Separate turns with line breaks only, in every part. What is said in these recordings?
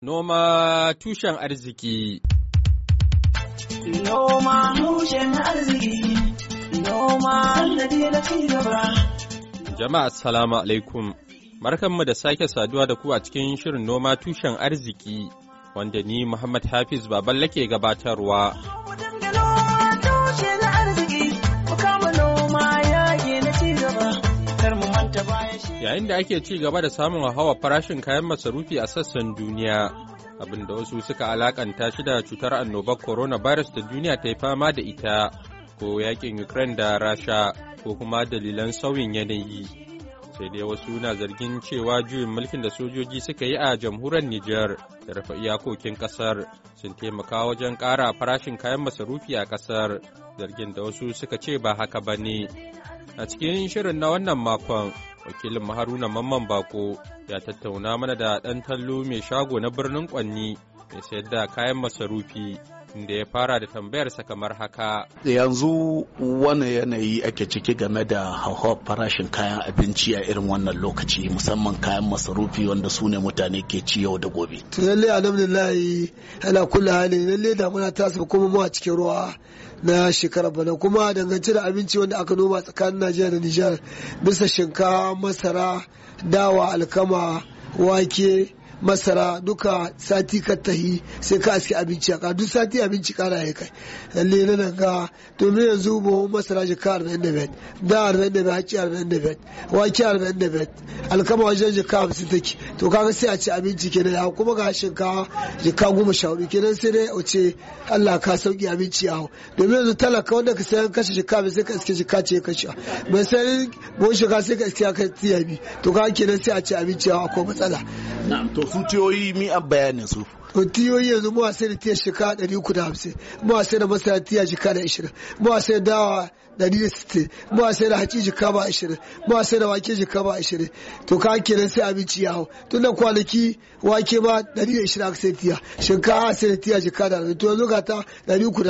Noma tushen arziki Noma tushen arziki Noma Jama'a salamu alaikum Markanmu da sake saduwa da ku a cikin shirin noma tushen arziki wanda ni Muhammad Hafiz Baballa ke gabatarwa. Yayin da ake ci gaba da samun hawa farashin kayan masarufi a sassan duniya, abin da wasu suka alakanta shi da cutar annobar corona coronavirus da duniya ta yi fama da ita, ko yakin Ukraine da Rasha, ko kuma dalilan sauyin yanayi. Sai dai wasu na zargin cewa juyin mulkin da sojoji suka yi a jamhuriyar Niger, da rufe iyakokin kasar sun taimaka wajen ƙara farashin kayan masarufi a kasar, zargin da wasu suka ce ba haka ba ne. A cikin shirin na wannan makon, wakilin maharuna mamman bako ya tattauna mana da ɗan tallo mai shago na birnin kwanni mai sayar da kayan masarufi da ya fara da tambayarsa kamar haka.
Yanzu wani yanayi ake ciki game da hauhawar farashin kayan abinci a irin wannan lokaci musamman kayan masarufi wanda su ne mutane ke ci yau da gobe.
lallai alhamdulillah ala kulli hali lalle damuna ta saba kuma mu a cikin ruwa na shekarar bana kuma dangance da abinci wanda aka noma tsakanin Najeriya da Nijar bisa shinkafa masara dawa alkama wake masara duka sati ka tahi sai ka aske abinci a duk sati abinci kara ya kai lalle na nan ga domin yanzu buhun masara jika arba'in da bet da arba'in da bet haci arba'in da bet wake arba'in da bet alkama wajen jika hamsin take to kaga sai a ci abinci kenan ya kuma ga shinkawa jika goma sha hudu kenan sai dai a ce Allah ka sauki abinci a domin yanzu talaka wanda ka sayan kashe jika bai sai ka iske jika ce ka sha bai sai buhun shika sai ka iske ya kai tiyabi to kaga kenan sai a ci abinci a akwai matsala. to su tiyoyi mi an bayanin su to tiyoyi yanzu mu sai da tiyar shekara 350 mu sai da masara tiyar shekara 20 mu sai da dawa 160 ba sai da haci jika ba mu ba sai da wake jika ba 20 to ka kenan sai abinci ya hau tun da kwanaki wake ba 120 aka sai tiya shinkafa sai tiya jika da to yanzu ga ta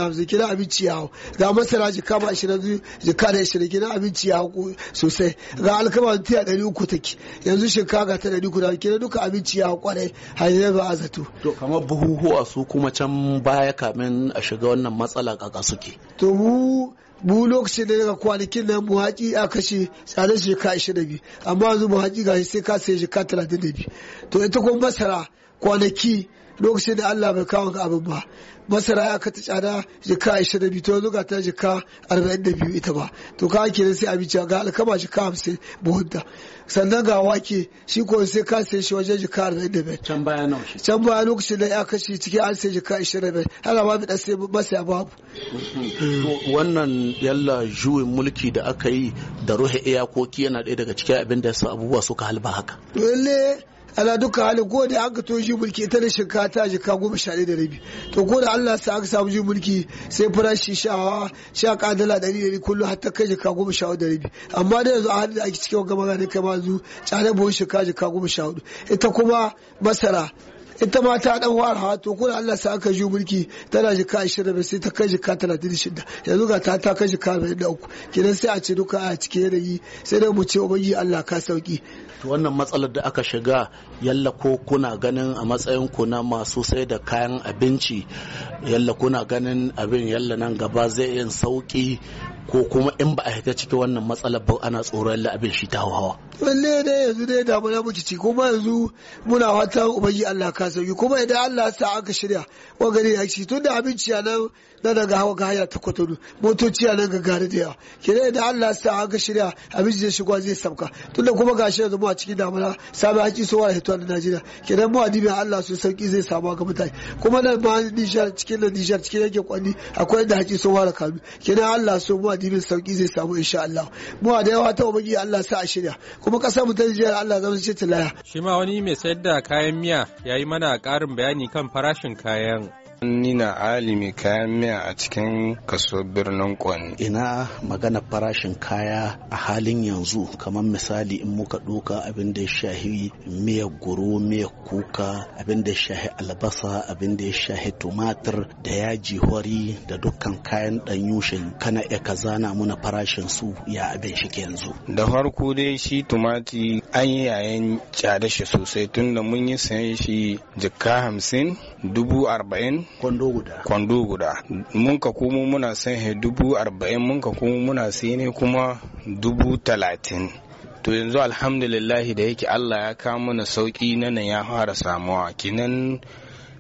hamsin kina abinci ya hau ga masara jika ba 20 jika da 20 kina abinci ya hau sosai ga alkama tiya 300 take yanzu shinkafa ga ta 300 kina duka abinci ya hau kwarai hanyar ba a zato to kamar buhuhuwa
su kuma can baya kamin a shiga wannan matsala kaka suke
to mu mu lokacin da daga kwanakin nan mu haƙi a kashe tsadar shekara ashirin da biyu amma yanzu mu haƙi ga sai ka sai shekara talatin da biyu to ita kuma masara kwanaki lokacin da Allah bai kawo ga abin ba masara ya ka ta tsada jika 22 to yanzu ga ta jika 42 ita ba to ka ake sai abinci ga alkama jika 50 buhunta sannan ga wake shi ko sai ka sai shi wajen jika 45 can baya nawa shi can baya lokacin da ya kashi cikin an sai jika 25 ana ba da sai masa babu
wannan yalla juyin mulki da aka yi da ruhe iyakoki yana ɗaya daga cikin abin da ya sa abubuwa suka halba haka.
Lalle ala duka hali ko da aka to shi mulki ta da shika ta jika goma sha da rabi to ko da Allah sa aka samu ji mulki sai farashi sha sha kadala ɗari ɗari kullum har ta kai jika goma sha da rabi amma da yanzu a da ake cikin gama kai ma zu tsare buhun shika jika goma sha hudu ita kuma masara ita ma ta dan wara hawa to kuna Allah sa aka ji mulki tana jika 25 sai ta kai jika 36 yanzu ga ta ta kai jika 43 kidan sai a ce duka a cike yanayi sai dai mu ce ubangi Allah ka sauki
to wannan matsalar da aka shiga yalla ko kuna ganin a matsayin ku na masu sai da kayan abinci yalla kuna ganin abin yalla nan gaba zai yin sauki ko kuma in ba a shiga ciki wannan matsalar ba ana tsoron abin shi ta hawa
Wanne ne yanzu ne damuna muke ci kuma yanzu muna fatan ubangi Allah ka sauki kuma idan Allah ya sa aka shirya wagari ya ci tunda abinci a nan na daga hawa ga haya ta kwatano motoci a nan ga gari da yawa idan Allah ya sa aka shirya abinci zai shigo zai sabka tunda kuma gashi yanzu mu a cikin damuna sabai haƙi so wa hituwa na Najeriya kire mu adibi Allah su sauki zai samu ga mutane kuma nan ma Nijar cikin nan Nijar cikin yankin kwani akwai da haƙi sowa da kanu kire Allah so mu dibin sauki zai samu insha Allah mu da yawa ta ubangi Allah sa a shirya kuma kasa mu ta jiya Allah zama ce tilaya
shi ma wani mai sayar da kayan miya yayi mana karin bayani kan farashin kayan Ni na alimi kayan miya a cikin kaso
birnin Kwani. Ina magana farashin kaya a halin yanzu kamar misali
in muka ɗoka abin da ya shahi miyar goro miyar kuka abin da ya shahi albasa abin da ya shahi tumatir da yaji hori da dukkan kayan ɗanyushin kana iya zana muna farashin su ya abin shi yanzu.
Da farko dai shi tumati an yi yayin cada shi sosai tunda mun yi sayan shi jikka hamsin dubu arba'in. Kwando guda. Mun ka komo muna sayan dubu arba'in mun ka komo muna sayan kuma dubu talatin. to yanzu alhamdulillahi da yake Allah ya kawo mana sauki nan ya fara samuwa kinan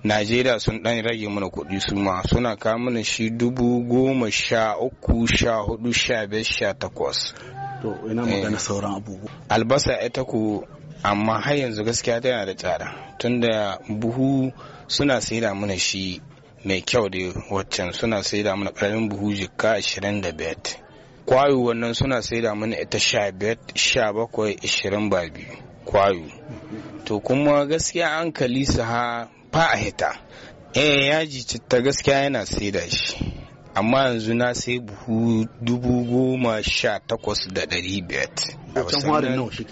najeriya sun dan rage mana kuɗi su ma suna kawo mana shi dubu goma sha uku sha hudu sha biyar sha takwas to ina magana eh. sauran abubuwa albasa ita ku amma har yanzu gaskiya tana da tsada tunda buhu suna saida mana shi mai kyau da waccan suna saida mana karamin buhu jikka ashirin da biyar kwayo wannan suna saida mana ita sha biyar sha bakwai ashirin ba biyu kwayo to kuma gaskiya an kalisa ha fa a hita eh yaji citta gaskiya yana saida shi amma yanzu na sai buhu dubu goma sha takwas da ɗari biyar can harin nawa shi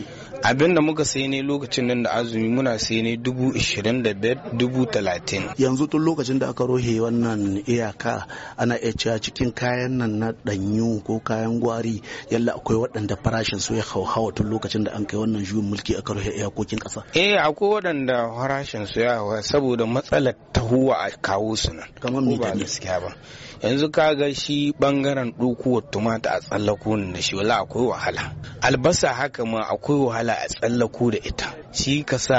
abin da muka sai ne lokacin nan da azumi muna sai ne dubu ishirin da biyar dubu talatin
yanzu tun lokacin da aka rohe wannan iyaka ana iya cewa cikin kayan nan na danyu ko kayan gwari yalla akwai waɗanda farashin su ya hauhawa tun lokacin da an kai wannan juyin mulki aka rohe iyakokin ƙasa
eh akwai waɗanda farashin su ya hauhawa saboda matsalar tahuwa a kawo su nan kamar me ba gaskiya ba yanzu kaga shi bangaren dokuwar tumata a tsallakonin da shi wala akwai wahala sa haka ma akwai wahala a tsallako da ita shi ka sa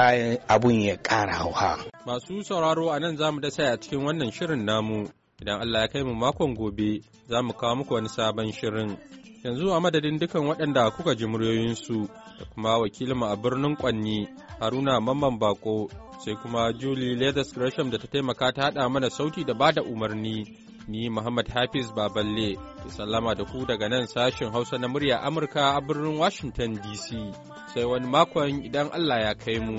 abun ya ƙara hauha.
Masu sauraro a nan za mu dasa a cikin wannan shirin namu idan Allah ya kai mu makon gobe za mu kawo muku wani sabon shirin. Yanzu a madadin dukan waɗanda kuka ji muryoyinsu da kuma wakilinmu a birnin Kwanni Haruna Mamman Bako sai kuma Julie Leathers Gresham da ta taimaka ta haɗa mana sauti da bada umarni. ni Muhammad Hafiz Baballe ke sallama da ku daga nan sashen Hausa na murya Amurka a birnin Washington DC sai wani makon idan Allah ya kai mu.